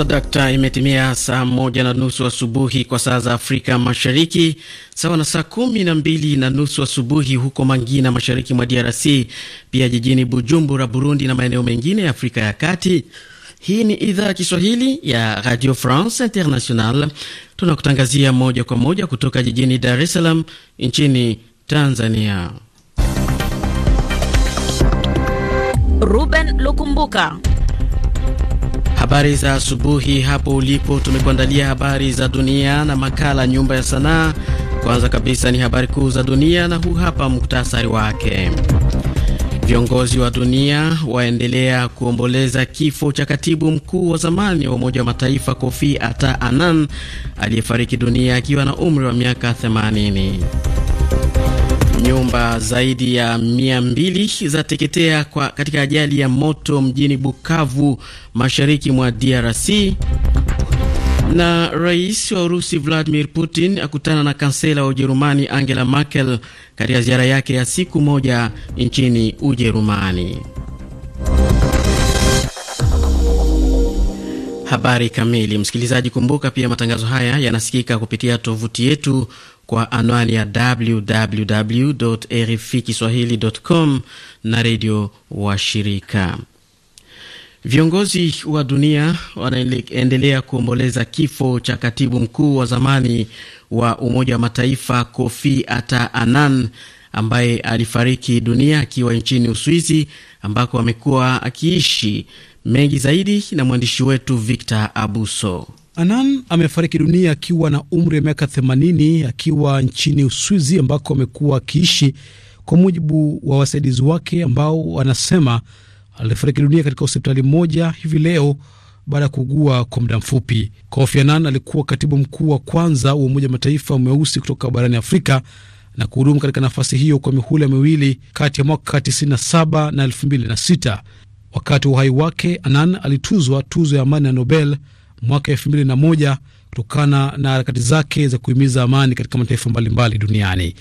Swadakta, imetimia saa moja na nusu asubuhi kwa saa za Afrika Mashariki, sawa na saa kumi na mbili na nusu asubuhi huko Mangina, mashariki mwa DRC, pia jijini Bujumbura, Burundi, na maeneo mengine ya Afrika ya Kati. Hii ni idhaa ya Kiswahili ya Radio France International, tunakutangazia moja kwa moja kutoka jijini Dar es Salaam nchini Tanzania. Ruben Lukumbuka Habari za asubuhi hapo ulipo, tumekuandalia habari za dunia na makala nyumba ya sanaa. Kwanza kabisa ni habari kuu za dunia na huu hapa muktasari wake. Viongozi wa dunia waendelea kuomboleza kifo cha katibu mkuu wa zamani wa Umoja wa Mataifa Kofi ata Annan aliyefariki dunia akiwa na umri wa miaka 80. Nyumba zaidi ya mia mbili zateketea kwa katika ajali ya moto mjini Bukavu mashariki mwa DRC. Na rais wa Urusi Vladimir Putin akutana na kansela wa Ujerumani Angela Merkel katika ziara yake ya siku moja nchini Ujerumani. Habari kamili, msikilizaji, kumbuka pia matangazo haya yanasikika kupitia tovuti yetu kwa anwani ya www RFI kiswahilicom na redio wa shirika Viongozi wa dunia wanaendelea kuomboleza kifo cha katibu mkuu wa zamani wa Umoja wa Mataifa Kofi Ata Annan ambaye alifariki dunia akiwa nchini Uswizi ambako amekuwa akiishi. Mengi zaidi na mwandishi wetu Victor Abuso. Anan amefariki dunia akiwa na umri wa miaka 80 akiwa nchini Uswizi ambako amekuwa akiishi, kwa mujibu wa wasaidizi wake ambao wanasema alifariki dunia katika hospitali moja hivi leo baada ya kuugua kwa muda mfupi. Kofi Annan alikuwa katibu mkuu wa kwanza wa Umoja wa Mataifa mweusi kutoka barani Afrika na kuhudumu katika nafasi hiyo kwa mihula miwili kati ya mwaka 97 na 2006. Wakati wa uhai wake, Anan alituzwa tuzo ya amani ya Nobel mwaka elfu mbili na moja kutokana na harakati zake za kuhimiza amani katika mataifa mbalimbali duniani.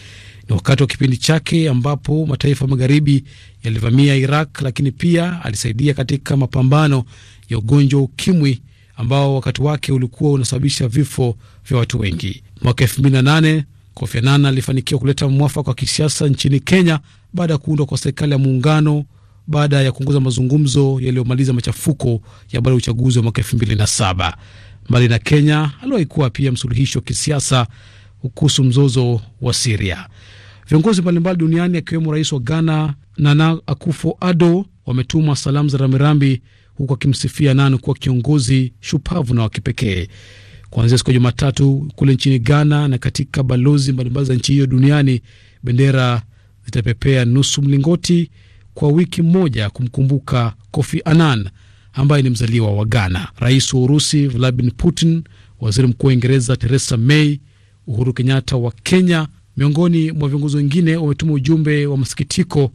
Ni wakati wa kipindi chake ambapo mataifa magharibi yalivamia Iraq, lakini pia alisaidia katika mapambano ya ugonjwa wa ukimwi ambao wakati wake ulikuwa unasababisha vifo vya watu wengi. Mwaka elfu mbili na nane Kofi Annan alifanikiwa kuleta mwafaka wa kisiasa nchini Kenya baada ya kuundwa kwa serikali ya muungano baada ya kuongoza mazungumzo yaliyomaliza machafuko ya baada ya uchaguzi wa mwaka 2007. Mbali na Kenya, aliwahi kuwa pia msuluhishi wa kisiasa kuhusu mzozo wa Siria. Viongozi mbalimbali duniani akiwemo rais wa Ghana Nana akufo Ado wametuma salamu za rambirambi, huku akimsifia Nanu kuwa kiongozi shupavu na wa kipekee. Kuanzia siku ya Jumatatu kule nchini Ghana na katika balozi mbalimbali za nchi hiyo duniani, bendera zitapepea nusu mlingoti kwa wiki moja kumkumbuka Kofi Annan ambaye ni mzaliwa wa Ghana. Rais wa Urusi Vladimir Putin, waziri mkuu wa Uingereza Theresa May, Uhuru Kenyatta wa Kenya, miongoni mwa viongozi wengine, wametuma ujumbe wa masikitiko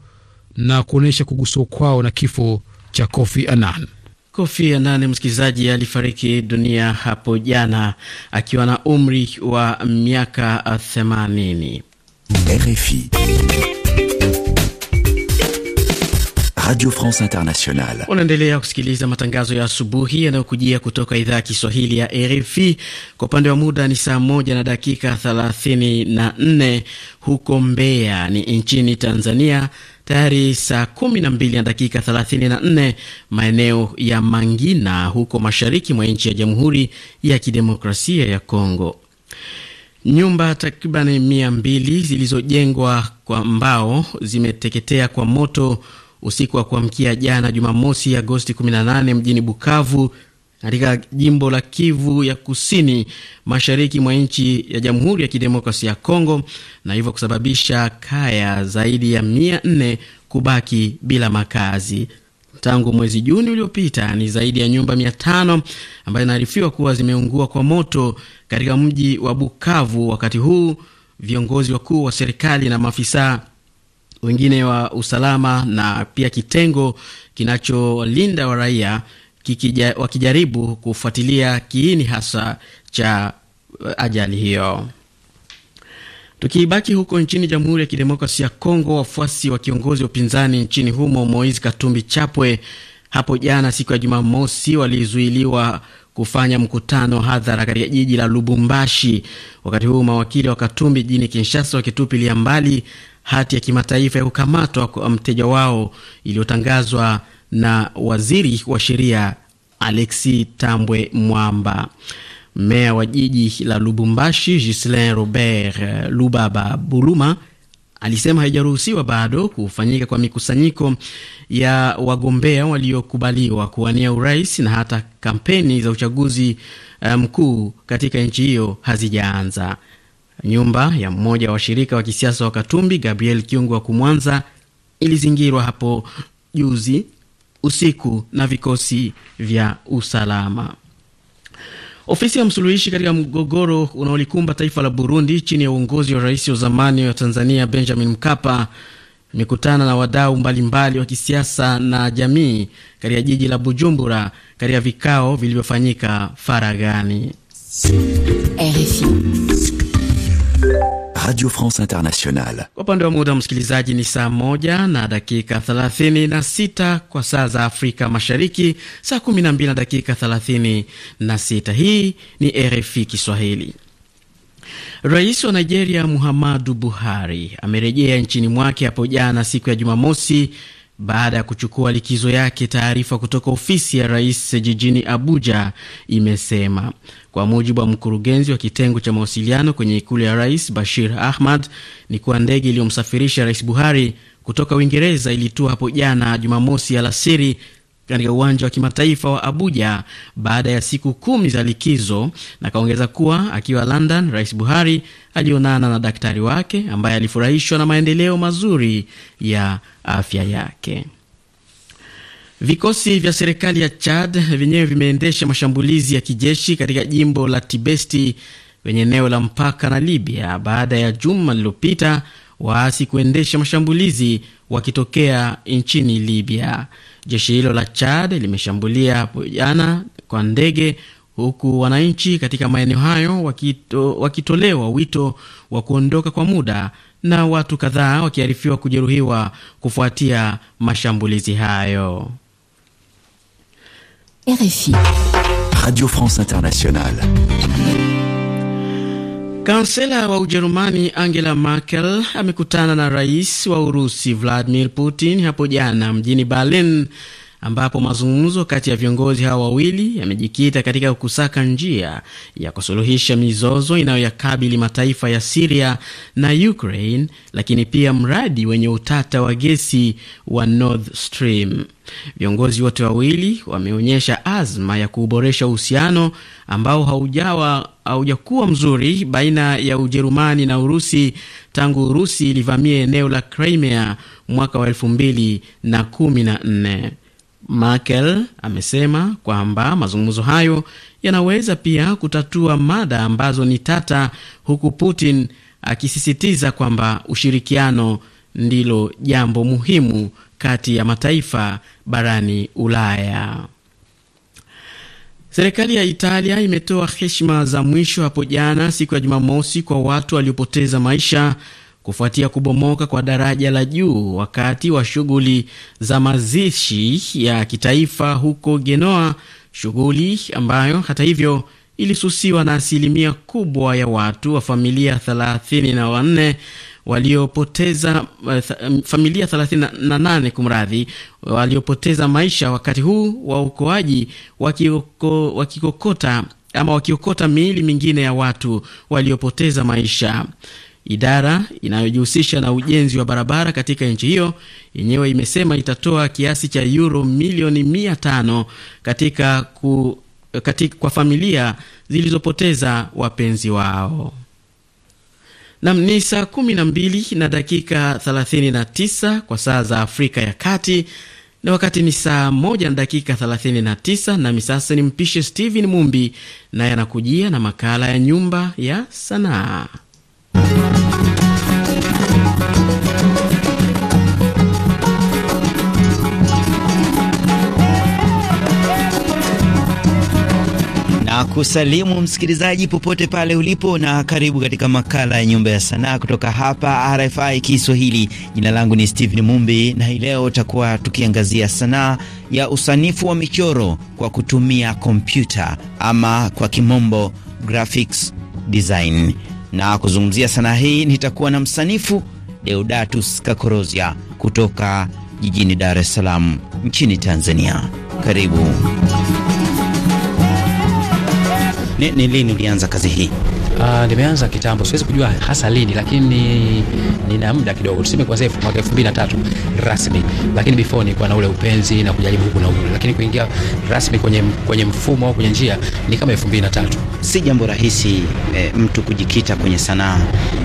na kuonyesha kuguswa kwao na kifo cha Kofi Annan. Kofi Annan, msikilizaji, alifariki dunia hapo jana akiwa na umri wa miaka 80. RFI Radio France Internationale. Unaendelea kusikiliza matangazo ya asubuhi yanayokujia kutoka idhaa ya Kiswahili ya RFI. Kwa upande wa muda ni saa moja na dakika 34 huko Mbeya ni nchini Tanzania, tayari saa kumi na dakika 34 maeneo ya Mangina huko mashariki mwa nchi ya Jamhuri ya Kidemokrasia ya Kongo. Nyumba takriban mia mbili zilizojengwa kwa mbao zimeteketea kwa moto usiku wa kuamkia jana Jumamosi, Agosti 18 mjini Bukavu katika jimbo la Kivu ya kusini mashariki mwa nchi ya Jamhuri ya Kidemokrasia ya Kongo, na hivyo kusababisha kaya zaidi ya mia nne kubaki bila makazi. Tangu mwezi Juni uliopita ni zaidi ya nyumba mia tano ambayo inaarifiwa kuwa zimeungua kwa moto katika mji wa Bukavu, wakati huu viongozi wakuu wa serikali na maafisa wengine wa usalama na pia kitengo kinacholinda raia kikija, wakijaribu kufuatilia kiini hasa cha eh, ajali hiyo. Tukibaki huko nchini Jamhuri ya Kidemokrasia ya Kongo, wafuasi wa kiongozi wa upinzani nchini humo Moise Katumbi Chapwe hapo jana siku ya Jumamosi walizuiliwa kufanya mkutano hadhara katika jiji la Lubumbashi, wakati huu mawakili wa Katumbi jijini Kinshasa wakitupilia mbali hati ya kimataifa ya kukamatwa kwa mteja wao iliyotangazwa na waziri wa sheria Alexi Tambwe Mwamba. Meya wa jiji la Lubumbashi Gislin Robert eh, Lubaba Buluma alisema haijaruhusiwa bado kufanyika kwa mikusanyiko ya wagombea waliokubaliwa kuwania urais na hata kampeni za uchaguzi eh, mkuu katika nchi hiyo hazijaanza. Nyumba ya mmoja wa washirika wa kisiasa wa Katumbi, Gabriel Kiungu wa Kumwanza, ilizingirwa hapo juzi usiku na vikosi vya usalama. Ofisi ya msuluhishi katika mgogoro unaolikumba taifa la Burundi chini ya uongozi wa rais wa zamani wa Tanzania Benjamin Mkapa imekutana na wadau mbalimbali wa kisiasa na jamii katika jiji la Bujumbura katika vikao vilivyofanyika faragani RFI. Radio France Internationale. Kwa upande wa muda, wa msikilizaji, ni saa moja na dakika 36 kwa saa za Afrika Mashariki, saa kumi na dakika 36. Hii ni RFI Kiswahili. Rais wa Nigeria Muhammadu Buhari amerejea nchini mwake hapo jana siku ya Jumamosi baada ya kuchukua likizo yake. Taarifa kutoka ofisi ya rais jijini Abuja imesema kwa mujibu wa mkurugenzi wa kitengo cha mawasiliano kwenye ikulu ya rais Bashir Ahmad ni kuwa ndege iliyomsafirisha rais Buhari kutoka Uingereza ilitua hapo jana Jumamosi alasiri katika uwanja wa kimataifa wa Abuja baada ya siku kumi za likizo, na kaongeza kuwa akiwa London, Rais Buhari alionana na daktari wake ambaye alifurahishwa na maendeleo mazuri ya afya yake. Vikosi vya serikali ya Chad vyenyewe vimeendesha mashambulizi ya kijeshi katika jimbo la Tibesti kwenye eneo la mpaka na Libya baada ya juma lililopita waasi kuendesha mashambulizi wakitokea nchini Libya. Jeshi hilo la Chad limeshambulia hapo jana kwa ndege, huku wananchi katika maeneo hayo wakito, wakitolewa wito wa kuondoka kwa muda na watu kadhaa wakiarifiwa kujeruhiwa kufuatia mashambulizi hayo. RFI Radio France Internationale. Kansela wa Ujerumani Angela Merkel amekutana na rais wa Urusi Vladimir Putin hapo jana mjini Berlin ambapo mazungumzo kati ya viongozi hawa wawili yamejikita katika kusaka njia ya kusuluhisha mizozo inayoyakabili mataifa ya Siria na Ukraine, lakini pia mradi wenye utata wa gesi wa Nord Stream. Viongozi wote wawili wameonyesha azma ya kuboresha uhusiano ambao haujawa haujakuwa mzuri baina ya Ujerumani na Urusi tangu Urusi ilivamia eneo la Crimea mwaka wa elfu mbili na kumi na nne. Merkel amesema kwamba mazungumzo hayo yanaweza pia kutatua mada ambazo ni tata, huku Putin akisisitiza kwamba ushirikiano ndilo jambo muhimu kati ya mataifa barani Ulaya. Serikali ya Italia imetoa heshima za mwisho hapo jana siku ya Jumamosi kwa watu waliopoteza maisha kufuatia kubomoka kwa daraja la juu wakati wa shughuli za mazishi ya kitaifa huko Genoa, shughuli ambayo hata hivyo ilisusiwa na asilimia kubwa ya watu wa familia thelathini waliopoteza eh, mm, familia 38 kumradhi, waliopoteza maisha wakati huu wa uokoaji wakikokota ama wakiokota miili mingine ya watu waliopoteza maisha. Idara inayojihusisha na ujenzi wa barabara katika nchi hiyo yenyewe imesema itatoa kiasi cha euro milioni mia tano katika ku, katika kwa familia zilizopoteza wapenzi wao. Nam ni saa kumi na mbili na dakika 39 kwa saa za Afrika ya Kati, na wakati ni saa moja na dakika 39. Nami sasa mpishe Steven Mumbi naye anakujia na makala ya Nyumba ya Sanaa. Kusalimu msikilizaji popote pale ulipo, na karibu katika makala ya nyumba ya sanaa kutoka hapa RFI Kiswahili. Jina langu ni Steven Mumbi, na hii leo tutakuwa tukiangazia sanaa ya usanifu wa michoro kwa kutumia kompyuta ama kwa kimombo graphics design na kuzungumzia sanaa hii nitakuwa na msanifu Deodatus Kakorozia kutoka jijini Dar es Salaam nchini Tanzania. Karibu. Ni, ni lini ulianza kazi hii? Uh, nimeanza kitambo, siwezi kujua hasa lini, lakini nina muda kidogo, tuseme kwa safe mwaka 2003 rasmi, lakini before nilikuwa na ule upenzi na kujaribu huku na huku, lakini kuingia rasmi kwenye, kwenye mfumo au kwenye njia ni kama 2003. Si jambo rahisi eh, mtu kujikita kwenye sanaa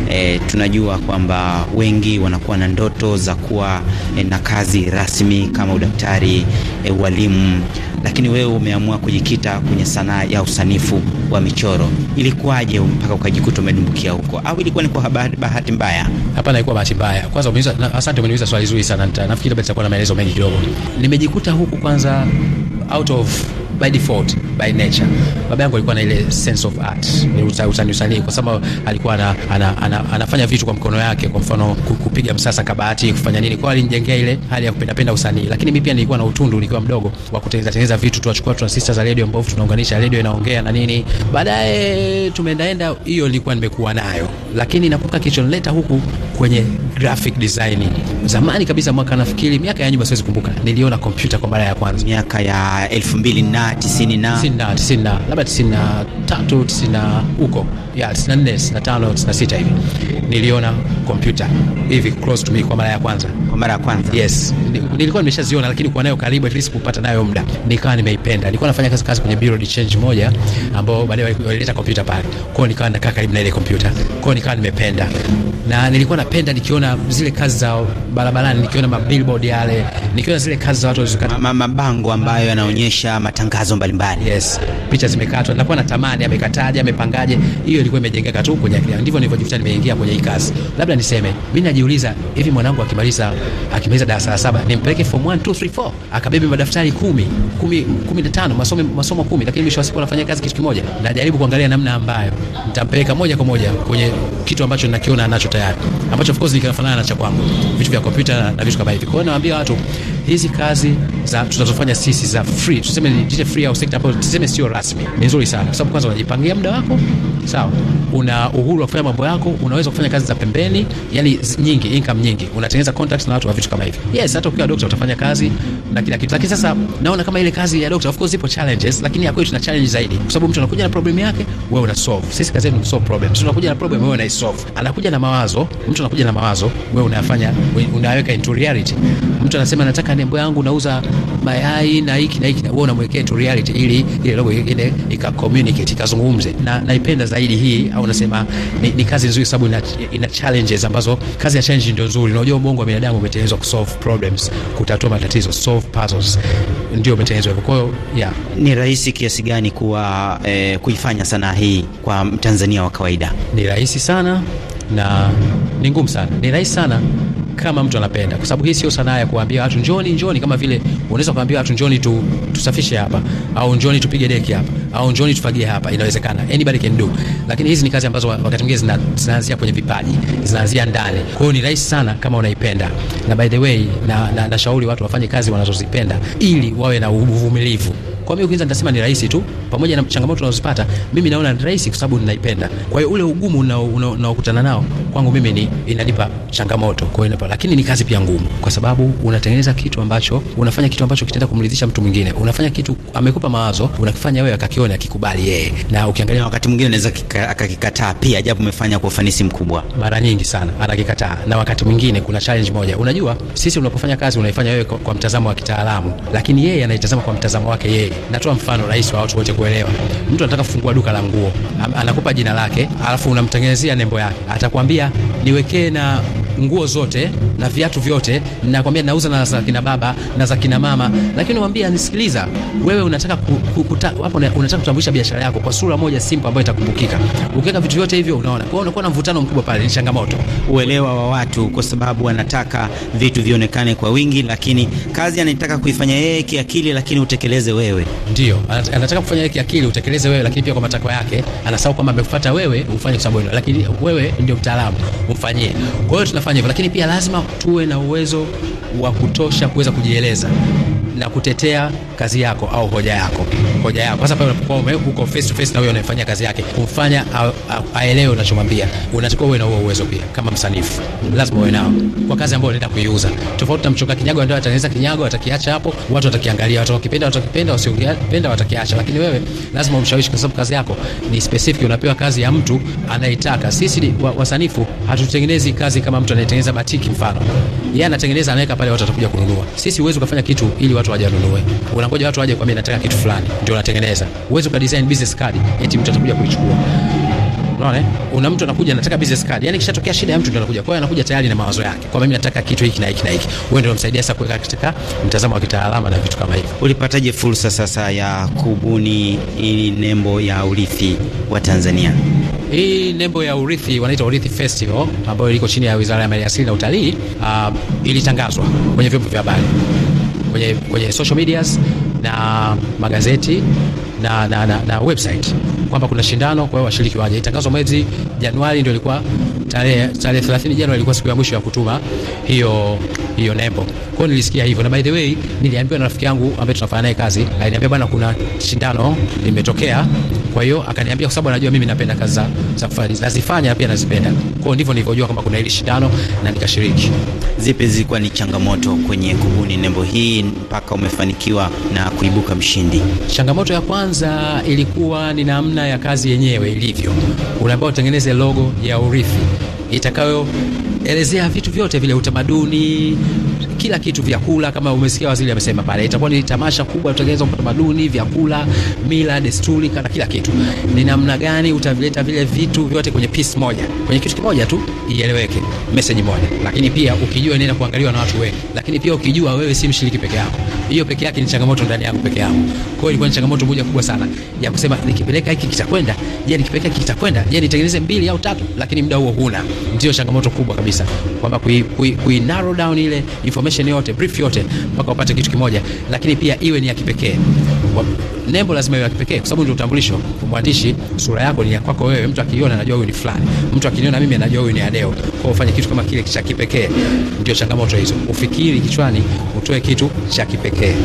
eh, tunajua kwamba wengi wanakuwa na ndoto za kuwa eh, na kazi rasmi kama udaktari, eh, walimu lakini wewe umeamua kujikita kwenye sanaa ya usanifu wa michoro. Ilikuwaje mpaka ukajikuta umedumbukia huko, au ilikuwa ni kwa bahati mbaya? Hapana, ilikuwa bahati mbaya. Kwanza umeniuliza, asante, umeniuliza swali zuri sana. Nafikiri labda nitakuwa na maelezo mengi kidogo. Nimejikuta huku kwanza out of by default by nature. Baba yangu alikuwa na ile sense of art, ni usanii usanii, kwa sababu alikuwa ana, ana, ana, anafanya vitu kwa mkono yake, kwa mfano kupiga msasa kabati, kufanya nini, kwa alinijengea ile hali ya kupenda penda usanii. Lakini mimi pia nilikuwa na utundu nikiwa mdogo wa kutengeneza tengeneza vitu, tuachukua tuna sisters za radio ambao tunaunganisha radio inaongea na nini, baadaye tumeendaenda. Hiyo nilikuwa nimekuwa nayo, lakini nakumbuka kilichonileta huku kwenye graphic design zamani kabisa, mwaka nafikiri miaka ya nyuma, siwezi kumbuka, niliona kompyuta kwa mara ya kwanza miaka ya elfu mbili na tisini na 90 laba labda 93 90 huko ya 94 95 96 hivi niliona kompyuta hivi close to me kwa mara ya kwanza. Kwa mara ya kwanza, yes, nilikuwa nimeshaziona, lakini kwa nayo karibu, at least kupata nayo muda, nikawa nimeipenda. Nilikuwa nafanya kazi kazi kwenye bureau de change moja, ambao baadaye walileta kompyuta pale, kwao nikawa nakaa karibu na ile kompyuta, kwao nikawa nimependa, na nilikuwa napenda nikiona zile kazi za barabarani, nikiona mabillboard yale, nikiona zile kazi za watu walizokata ma, mabango ambayo yanaonyesha matangazo mbalimbali, yes, picha zimekatwa, Nilikuwa natamani amekataje, amepangaje. Hiyo ilikuwa imejengeka tu kwenye akili, ndivyo nilivyojifuta nimeingia kwenye hii kazi, labda niseme mimi najiuliza hivi, mwanangu akimaliza akimaliza darasa la saba nimpeleke form 1 2 3 4 akabebe madaftari 10 10 15 masomo masomo 10, lakini mwisho wa siku anafanya kazi kitu kimoja. Najaribu kuangalia namna ambayo nitampeleka moja kwa moja kwenye kitu ambacho ninakiona anacho tayari, ambacho of course ni nikinafanana na cha kwangu, vitu vya kompyuta na vitu kama hivi. Kwa hiyo nawaambia watu hizi kazi za tunazofanya sisi za free, tuseme ni free au sekta ambayo tuseme sio rasmi, ni nzuri sana kwa sababu kwanza unajipangia muda wako sawa. Una uhuru wa kufanya mambo yako, unaweza kufanya kazi za pembeni, yani nyingi, income nyingi, unatengeneza contacts na watu wa vitu kama hivyo. Yes, hata ukiwa doctor utafanya kazi na kila kitu, lakini sasa naona kama ile kazi ya doctor, of course ipo challenges, lakini ya kwetu tuna challenge zaidi, kwa sababu mtu anakuja na problem yake, wewe una solve. Sisi kazi yetu ni solve problem, tunakuja na problem, wewe una solve. Anakuja na mawazo, mtu anakuja na mawazo, wewe unayafanya, unayaweka into reality. Mtu anasema nataka nembo yangu nauza mayai na hiki na hiki, wewe unamwekea into reality ili ile logo ile ika communicate, ikazungumze na naipenda zaidi zaidi hii, au nasema ni, ni kazi nzuri sababu ina, ina challenges ambazo kazi ya challenge ndio nzuri. Unajua ubongo wa binadamu umetengenezwa ku solve problems, kutatua matatizo, solve puzzles, ndio umetengenezwa hivyo. Kwa hiyo yeah, ni rahisi kiasi gani kuwa eh, kuifanya sanaa hii kwa Mtanzania wa kawaida? Ni rahisi sana na ni ngumu sana. Ni rahisi sana kama mtu anapenda, kwa sababu hii sio sanaa ya kuambia watu njoni njoni, kama vile unaweza kuambia watu njoni tu tusafishe hapa au njoni tupige deki hapa au njoni tufagie hapa. Inawezekana, anybody can do, lakini hizi ni kazi ambazo wakati mwingine zina, zinaanzia kwenye vipaji, zinaanzia ndani. Kwa hiyo ni rahisi sana kama unaipenda, na by the way, na, nashauri na shauri watu wafanye kazi wanazozipenda ili wawe na uvumilivu. Kwa mimi kwanza nitasema ni rahisi tu, pamoja na changamoto unazozipata, mimi naona ni rahisi kwa sababu ninaipenda. Kwa hiyo ule ugumu unaokutana nao kwangu mimi ni inanipa changamoto, kwa hiyo lakini ni kazi pia ngumu, kwa sababu unatengeneza kitu ambacho unafanya kitu ambacho kitaenda kumridhisha mtu mwingine. Unafanya kitu amekupa mawazo, unakifanya wewe, akakiona akikubali yeye, na ukiangalia wakati mwingine anaweza akakikataa pia, japo umefanya kwa ufanisi mkubwa. Mara nyingi sana anakikataa, na wakati mwingine kuna challenge moja. Unajua sisi unapofanya kazi unaifanya wewe kwa, kwa mtazamo wa kitaalamu, lakini yeye anaitazama kwa mtazamo wake yeye Natoa mfano rahisi wa watu wote kuelewa. Mtu anataka kufungua duka la nguo, anakupa jina lake, alafu unamtengenezea nembo yake, atakwambia niwekee na nguo zote na viatu vyote, nakwambia nauza na za kina baba na za kina mama, lakini mwambie nisikiliza, wewe unataka ku, ku, hapo unataka kutambulisha biashara yako kwa sura moja simple ambayo itakumbukika. Ukiweka vitu vyote hivyo, unaona kwa unakuwa na mvutano mkubwa pale, ni changamoto uelewa wa watu, kwa sababu wanataka vitu vionekane kwa wingi, lakini kazi anataka kuifanya yeye kiakili, lakini utekeleze wewe. Ndio anataka kufanya yeye kiakili, utekeleze wewe, lakini pia kwa matakwa yake anasahau kwamba amekufuata wewe ufanye kwa sababu, lakini wewe ndio mtaalamu, umfanyie. Kwa hiyo tunafanya kufanya hivyo, lakini pia lazima tuwe na uwezo wa kutosha kuweza kujieleza na kutetea kazi yako au hoja yako, hoja yako Sasa pale unapokuwa uko face to face na huyo anayefanya kazi yake, kumfanya aelewe unachomwambia. Unatakiwa uwe na huo uwezo pia, kama msanifu lazima uwe nao kwa kazi ambayo unaenda kuiuza, tofauti na mchonga kinyago. Ndio atanaweza kinyago, atakiacha hapo, watu watakiangalia, watu wakipenda, watu wakipenda, wasiokipenda watakiacha, lakini wewe lazima umshawishi, kwa sababu kazi yako ni specific. Unapewa kazi ya mtu anayetaka. Sisi wasanifu hatutengenezi kazi kama mtu anayetengeneza batiki, mfano yeye anatengeneza, anaweka pale, watu watakuja kununua. Sisi huwezi kufanya kitu ili watu watu waje wanunue. Unangoja watu waje kwambia nataka kitu fulani, ndio unatengeneza. Uwezi uka design business card eti mtu atakuja kuichukua. Unaona, eh? una mtu anakuja anataka business card, yani kishatokea shida ya mtu ndio anakuja. Kwa hiyo anakuja tayari na mawazo yake, kwa mimi nataka kitu hiki na hiki na hiki. Wewe ndio unamsaidia sasa kuweka katika mtazamo wa kitaalamu na vitu kama hivyo. Ulipataje fursa sasa ya kubuni hii nembo ya urithi wa Tanzania? Hii nembo ya urithi wanaita Urithi Festival ambayo iliko chini ya Wizara ya Maliasili na Utalii, uh, ilitangazwa kwenye vyombo vya habari kwenye, kwenye social medias na magazeti na, na, na, na website kwamba kuna shindano, kwa hiyo washiriki waje. Itangazwa mwezi Januari, ndio ilikuwa tarehe 30 Januari, ilikuwa siku ya mwisho ya kutuma hiyo hiyo nembo. Kwa hiyo nilisikia hivyo, na by the way niliambiwa na rafiki yangu ambaye tunafanya naye kazi, aliniambia bwana, kuna shindano limetokea. Kwa hiyo akaniambia, kwa sababu anajua mimi napenda kazi za safari, nazifanya pia nazipenda. Kwa hiyo ndivyo nilivyojua kwamba kuna hili shindano na nikashiriki. Zipi zilikuwa ni changamoto kwenye kubuni nembo hii mpaka umefanikiwa na kuibuka mshindi? Changamoto ya kwanza ilikuwa ni namna ya kazi yenyewe ilivyo, unaambiwa utengeneze logo ya urithi itakayoelezea vitu vyote vile, utamaduni, kila kitu, vyakula kama umesikia waziri amesema pale, itakuwa ni tamasha kubwa tutengeneza utamaduni, tamaduni, vyakula, mila, desturi, kana kila kitu. Ni namna gani utavileta vile vitu vyote kwenye piece moja, kwenye kitu kimoja tu, ieleweke, message moja. Lakini pia ukijua nenda kuangaliwa na watu wengi, lakini pia ukijua wewe si mshiriki peke yako. Hiyo peke yake ni changamoto ndani yako peke yako. Kwa hiyo ilikuwa ni changamoto moja kubwa sana ya kusema nikipeleka hiki kitakwenda, je, nikipeleka hiki kitakwenda, je, nitengeneze mbili au tatu, lakini muda huo huna. Ndio changamoto kubwa kabisa kwamba kui, kui, kui narrow down ile information information yote, brief yote mpaka upate kitu kimoja, lakini pia iwe ni ya kipekee. Nembo lazima iwe ya kipekee kwa sababu ndio utambulisho. Mwandishi, sura yako ni ya kwako wewe, mtu akiiona anajua huyu ni fulani, mtu akiniona mimi anajua huyu ni Adeo. Kwa hiyo ufanye kitu kama kile cha kipekee. Ndio changamoto hizo, ufikiri kichwani, utoe kitu cha kipekee.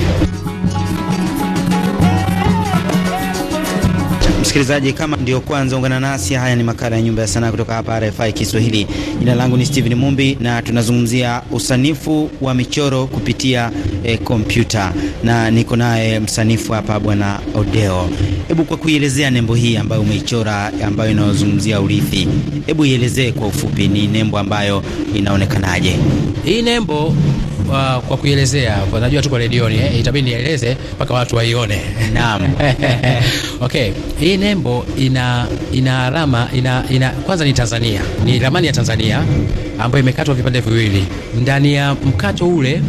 Msikilizaji, kama ndio kwanza ungana nasi, haya ni makala ya Nyumba ya Sanaa kutoka hapa RFI Kiswahili. Jina langu ni Steven Mumbi na tunazungumzia usanifu wa michoro kupitia e, kompyuta na niko naye msanifu hapa Bwana Odeo. Hebu kwa kuielezea nembo hii ambayo umeichora ambayo inayozungumzia urithi, hebu ielezee kwa ufupi, ni nembo ambayo inaonekanaje hii nembo? kwa, kwa kuielezea najua tuko redioni eh, itabidi nieleze mpaka watu waione. Naam. Okay, hii nembo ina ina alama ina, ina kwanza ni Tanzania, ni ramani ya Tanzania ambayo imekatwa vipande viwili. Ndani ya mkato ule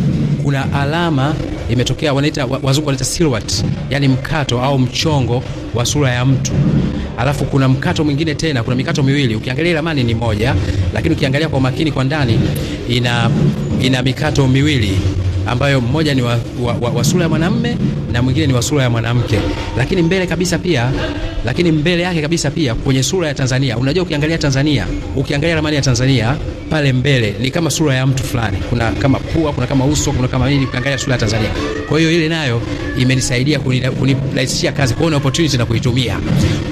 kuna alama imetokea, wanaita wazungu wanaita silhouette, yani mkato au mchongo wa sura ya mtu alafu kuna mkato mwingine tena, kuna mikato miwili. Ukiangalia ramani ni moja, lakini ukiangalia kwa makini kwa ndani ina ina mikato miwili ambayo mmoja ni wa, wa, wa, wa sura ya mwanamume na mwingine ni wa sura ya mwanamke, lakini mbele kabisa pia, lakini mbele yake kabisa pia kwenye sura ya Tanzania. Unajua, ukiangalia Tanzania, ukiangalia ramani ya Tanzania pale mbele ni kama sura ya mtu fulani, kuna kama pua, kuna kama uso, kuna kama nini, ukiangalia sura ya Tanzania. Kwa hiyo ile nayo imenisaidia kunirahisishia kazi, kwa opportunity na kuitumia.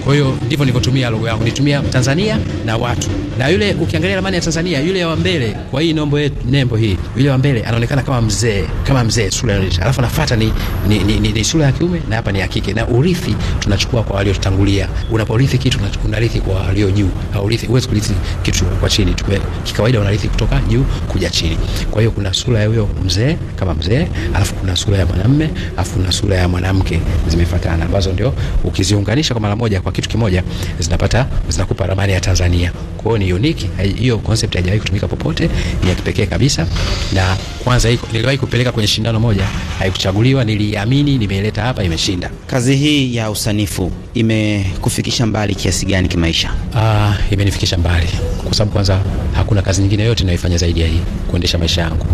Kwa hiyo ndivyo nilivyotumia logo yangu, nitumia Tanzania na watu, na yule ukiangalia ramani ya Tanzania, yule wa mbele kwa hii nembo yetu, nembo hii, yule wa mbele anaonekana kama mzee, kama mzee sura inaonyesha, alafu anafuata ni, ni, ni, ni ile sura ya kiume na hapa ni ya kike, na urithi tunachukua kwa waliotutangulia. Unaporithi kitu unarithi kwa walio juu, haurithi uwezi kurithi kitu kwa chini. Kikawaida unarithi kutoka juu kuja chini. Kwa hiyo kuna sura ya huyo mzee kama mzee, alafu kuna sura ya mwanamume, alafu kuna sura ya mwanamke, zimefuatana ambazo ndio ukiziunganisha kwa mara moja kwa kitu kimoja zinapata zinakupa ramani ya Tanzania. Kwa hiyo ni unique hiyo concept haijawahi kutumika popote, ni ya kipekee kabisa. Na kwanza hiyo niliwahi kupeleka kwenye shindano moja, haikuchaguliwa, niliamini hii nimeileta hapa, imeshinda. Kazi hii ya usanifu imekufikisha mbali kiasi gani kimaisha? Ah, imenifikisha mbali kwa sababu kwanza hakuna kazi nyingine yote inayoifanya zaidi ya hii, kuendesha maisha yangu,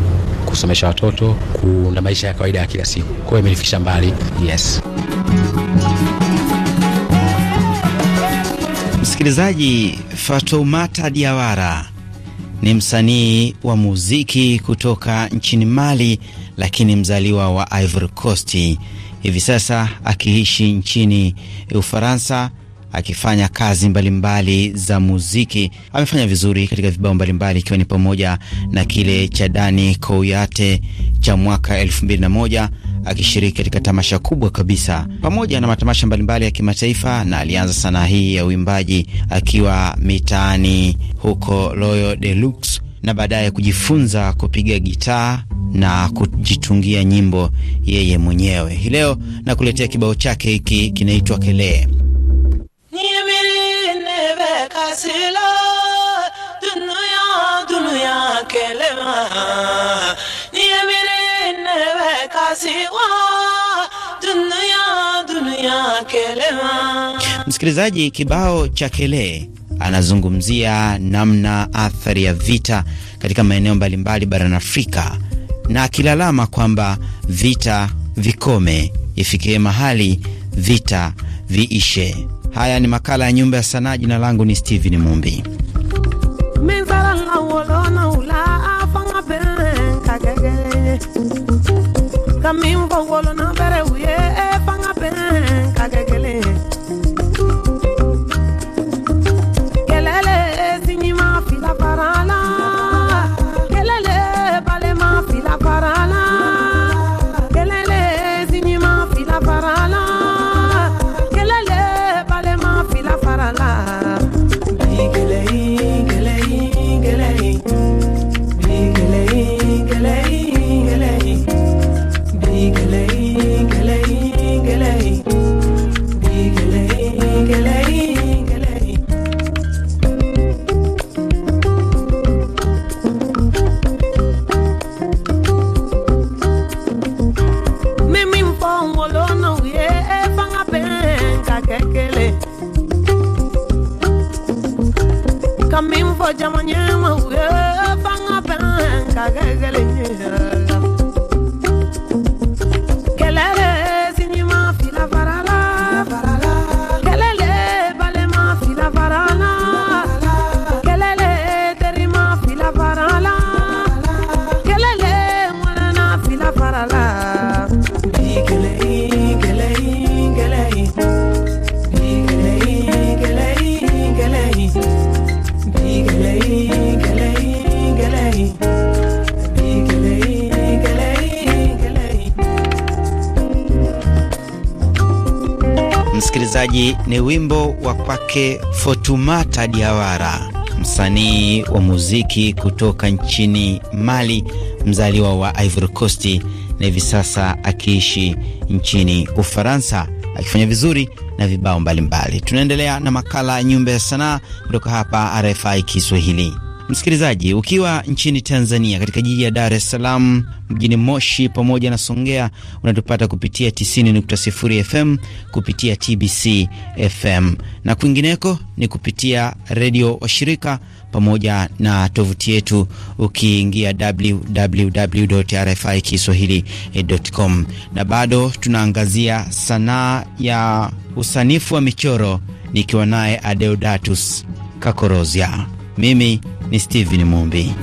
kusomesha watoto, kuna maisha ya kawaida ya kila siku. Kwa hiyo imenifikisha mbali, yes. Msikilizaji, Fatoumata Diawara ni msanii wa muziki kutoka nchini Mali lakini mzaliwa wa Ivory Coast, hivi sasa akiishi nchini Ufaransa akifanya kazi mbalimbali mbali za muziki. Amefanya vizuri katika vibao mbalimbali ikiwa ni pamoja na kile cha Dani Kouyate cha mwaka 2001 akishiriki katika tamasha kubwa kabisa pamoja na matamasha mbalimbali ya kimataifa. Na alianza sanaa hii ya uimbaji akiwa mitaani huko Loyo de na baadaye kujifunza kupiga gitaa na kujitungia nyimbo yeye mwenyewe. Hii leo nakuletea kibao chake hiki kinaitwa Kelee. Msikilizaji, kibao cha Kelee anazungumzia namna athari ya vita katika maeneo mbalimbali barani Afrika na akilalama kwamba vita vikome, ifikie mahali vita viishe. Haya ni makala ya Nyumba ya Sanaa. Jina langu ni Steven Mumbi. msikilizaji, ni wimbo wa kwake Fotumata Diawara, msanii wa muziki kutoka nchini Mali, mzaliwa wa Ivory Coast na hivi sasa akiishi nchini Ufaransa, akifanya vizuri na vibao mbalimbali. Tunaendelea na makala ya Nyumba ya Sanaa kutoka hapa RFI Kiswahili. Msikilizaji, ukiwa nchini Tanzania, katika jiji ya Dar es Salaam, mjini Moshi pamoja na Songea, unatupata kupitia 90.0 FM, kupitia TBC FM na kwingineko ni kupitia redio washirika pamoja na tovuti yetu, ukiingia www RFI kiswahili.com. Na bado tunaangazia sanaa ya usanifu wa michoro, nikiwa naye Adeodatus Kakorozia. Mimi ni Steven Mumbi.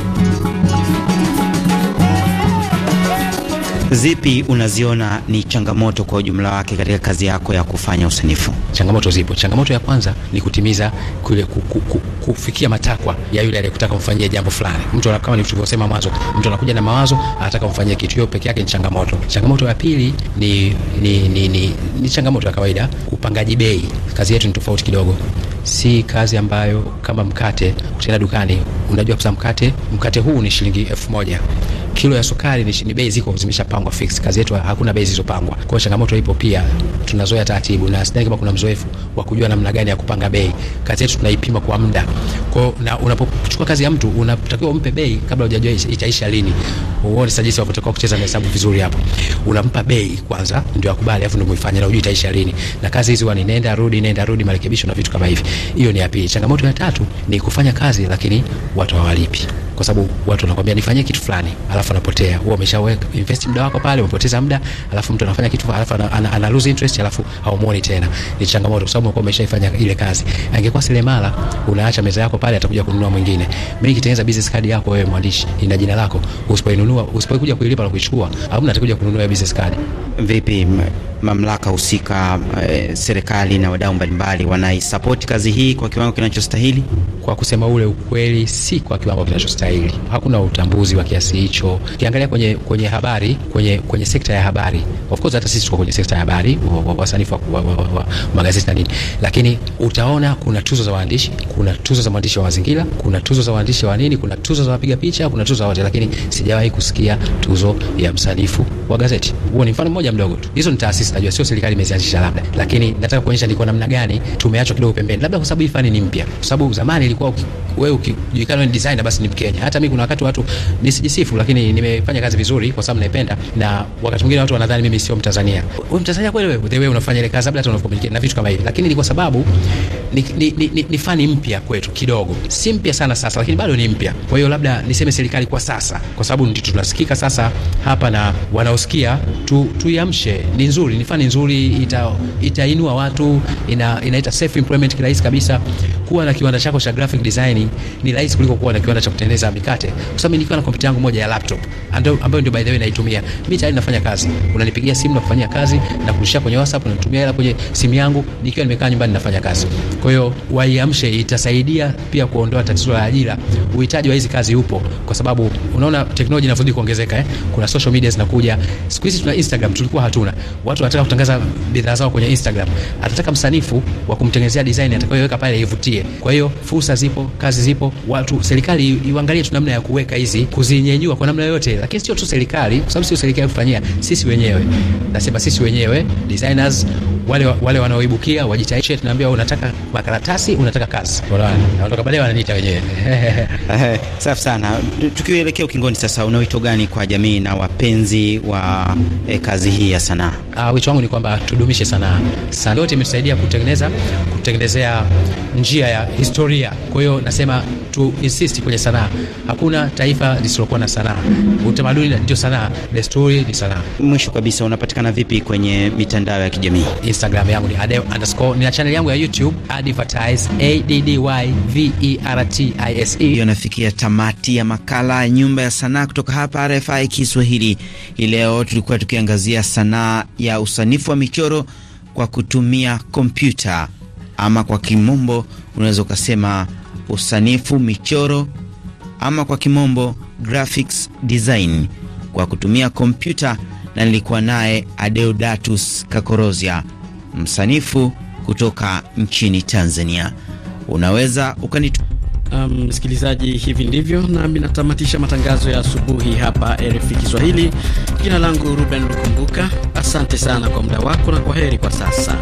Zipi unaziona ni changamoto kwa ujumla wake katika kazi yako ya kufanya usanifu? Changamoto zipo. Changamoto ya kwanza ni kutimiza kule ku, ku, ku, kufikia matakwa ya yule aliyekutaka kumfanyia jambo fulani. Mtu kama nilivyosema mwanzo, mtu anakuja na mawazo, anataka kumfanyia kitu, hiyo peke yake ni changamoto. Changamoto ya pili ni ni, ni, ni, ni changamoto ya kawaida, upangaji bei. Kazi yetu ni tofauti kidogo, si kazi ambayo kama mkate utaenda dukani, unajua kabisa mkate mkate huu ni shilingi elfu moja kilo ya sukari ni, ni bei ziko zimeshapangwa fix. Kazi yetu hakuna bei zilizopangwa, kwa changamoto ipo pia, tunazoea taratibu na sidhani kama kuna mzoefu wa kujua namna gani ya kupanga bei. Kazi yetu tunaipima kwa muda, kwa na unapochukua kazi ya mtu unatakiwa umpe bei kabla hujajua itaisha lini. Uone sajisi wa kutoka kucheza na hesabu vizuri hapo, unampa bei kwanza ndio akubali, alafu ndio muifanye na hujui itaisha lini. Na kazi hizi wani nenda rudi nenda rudi, marekebisho na vitu kama hivi. Hiyo ni ya pili. Changamoto ya tatu ni kufanya kazi lakini watu hawalipi kwa sababu watu wanakuambia nifanyie kitu fulani, alafu anapotea. Huwa ameshaweka invest muda wako pale, umepoteza muda, alafu mtu anafanya kitu alafu ana, ana, ana lose interest, alafu haumuoni tena. Ni changamoto kwa sababu umekuwa umeshaifanya ile kazi. Angekuwa seremala, unaacha meza yako pale, atakuja kununua mwingine. Mimi nikitengeneza business card yako wewe mwandishi, ina jina lako, usipoinunua usipokuja kuilipa na kuichukua, hamna atakuja kununua ya business card. Vipi mamlaka husika, e, serikali na wadau mbalimbali wanaisupport kazi hii kwa kiwango kinachostahili? Kwa kusema ule ukweli, si kwa kiwango kinachostahili Kiswahili. Hakuna utambuzi wa kiasi hicho. Ukiangalia kwenye, kwenye habari kwenye, kwenye sekta ya habari, of course hata sisi tuko kwenye sekta ya habari, wasanifu wa, wa, wa, wa wa magazeti na nini, lakini utaona kuna tuzo za waandishi, kuna tuzo za mwandishi wa mazingira, kuna tuzo za waandishi wa nini, kuna tuzo za wapiga picha, kuna tuzo za wote, lakini sijawahi kusikia tuzo ya msanifu wa gazeti. Huo ni mfano mmoja mdogo tu. Hizo ni taasisi, najua sio serikali imezianzisha labda, lakini nataka kuonyesha niko namna gani tumeachwa kidogo pembeni, labda kwa sababu hii fani ni mpya, kwa sababu zamani ilikuwa wewe ukijulikana ni designer basi ni Mkenya kufanya. Hata mimi kuna wakati watu nisijisifu, lakini nimefanya kazi vizuri kwa sababu naipenda, na wakati mwingine watu wanadhani mimi sio Mtanzania. Wewe Mtanzania kweli wewe, the way unafanya ile kazi, labda hata unavyokomunikate na vitu kama hivi, lakini ni kwa sababu ni, ni, ni, ni fani mpya kwetu kidogo, si mpya sana sasa, lakini bado ni mpya. Kwa hiyo labda niseme serikali kwa sasa, kwa sababu ndio tunasikika sasa hapa na wanaosikia tu, tuiamshe. Ni nzuri, ni fani nzuri, ita, itainua watu, ina, inaita self employment kirahisi kabisa. Kuwa na kiwanda chako cha graphic design ni rahisi kuliko kuwa na kiwanda cha kutengeneza za mikate, kwa sababu nikiwa na kompyuta yangu moja ya laptop ando, ambayo ndio by the way naitumia mimi, tayari nafanya kazi, unanipigia simu na kufanyia kazi na kushia kwenye WhatsApp, unanitumia hela kwenye simu yangu nikiwa nimekaa nyumbani nafanya kazi. Kwa hiyo waiamshe, itasaidia pia kuondoa tatizo la ajira. Uhitaji wa hizi kazi upo, kwa sababu unaona teknolojia inazidi kuongezeka eh, kuna social media zinakuja siku hizi, tuna Instagram, tulikuwa hatuna. Watu wanataka kutangaza bidhaa zao kwenye Instagram, atataka msanifu wa kumtengenezea design atakayoweka pale ivutie. Kwa hiyo fursa zipo, kazi zipo, watu serikali iangalie tuangalie tu namna ya kuweka hizi kuzinyenyua kwa namna yoyote, lakini sio tu serikali, kwa sababu sio serikali kufanyia, sisi wenyewe. Nasema sisi wenyewe designers wale wale wanaoibukia wajitaiche, tunaambia unataka makaratasi, unataka kazi, unataka baadaye, wananiita wenyewe. Eh, safi sana. Tukielekea ukingoni sasa, una wito gani kwa jamii na wapenzi wa eh, kazi hii ya sanaa? Ah, wito wangu ni kwamba tudumishe sanaa. Sanaa yote imetusaidia kutengeneza kutengenezea njia ya historia. Kwa hiyo nasema tu insist kwenye sanaa. Hakuna taifa lisilokuwa na sanaa. Utamaduni ndio sanaa, desturi ni sanaa. Mwisho kabisa, unapatikana vipi kwenye mitandao ya kijamii? Instagram yangu ni ade underscore, nina channel yangu ya YouTube advertise addyvertise. E. Hiyo nafikia tamati ya makala ya nyumba ya sanaa kutoka hapa RFI Kiswahili. Hii leo tulikuwa tukiangazia sanaa ya usanifu wa michoro kwa kutumia kompyuta ama kwa kimombo unaweza ukasema usanifu michoro ama kwa kimombo graphics design kwa kutumia kompyuta, na nilikuwa naye Adeodatus Kakorozia, msanifu kutoka nchini Tanzania. Unaweza ukanitu Msikilizaji, um, hivi ndivyo nami natamatisha matangazo ya asubuhi hapa RFI Kiswahili. Jina langu Ruben Lukumbuka, asante sana kwa muda wako na kwa heri kwa sasa.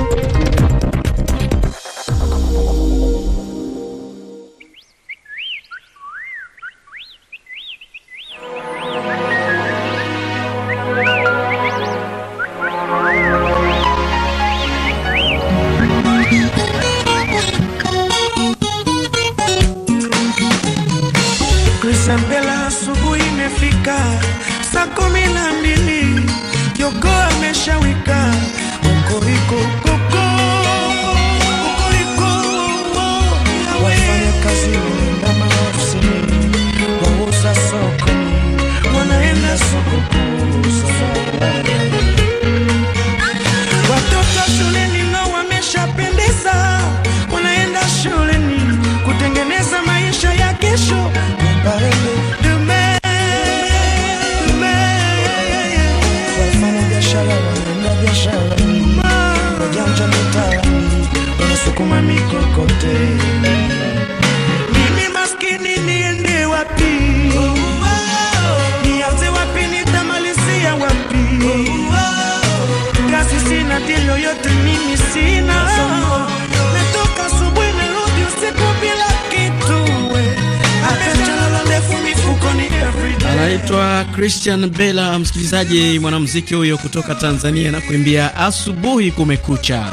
Christian Bella, msikilizaji, mwanamuziki huyo kutoka Tanzania anakuimbia asubuhi kumekucha.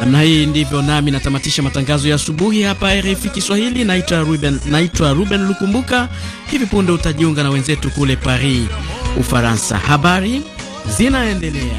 Namna hii ndivyo nami natamatisha matangazo ya asubuhi hapa RFI Kiswahili. Naitwa Ruben, naitwa Ruben Lukumbuka. Hivi punde utajiunga na wenzetu kule Paris, Ufaransa. Habari zinaendelea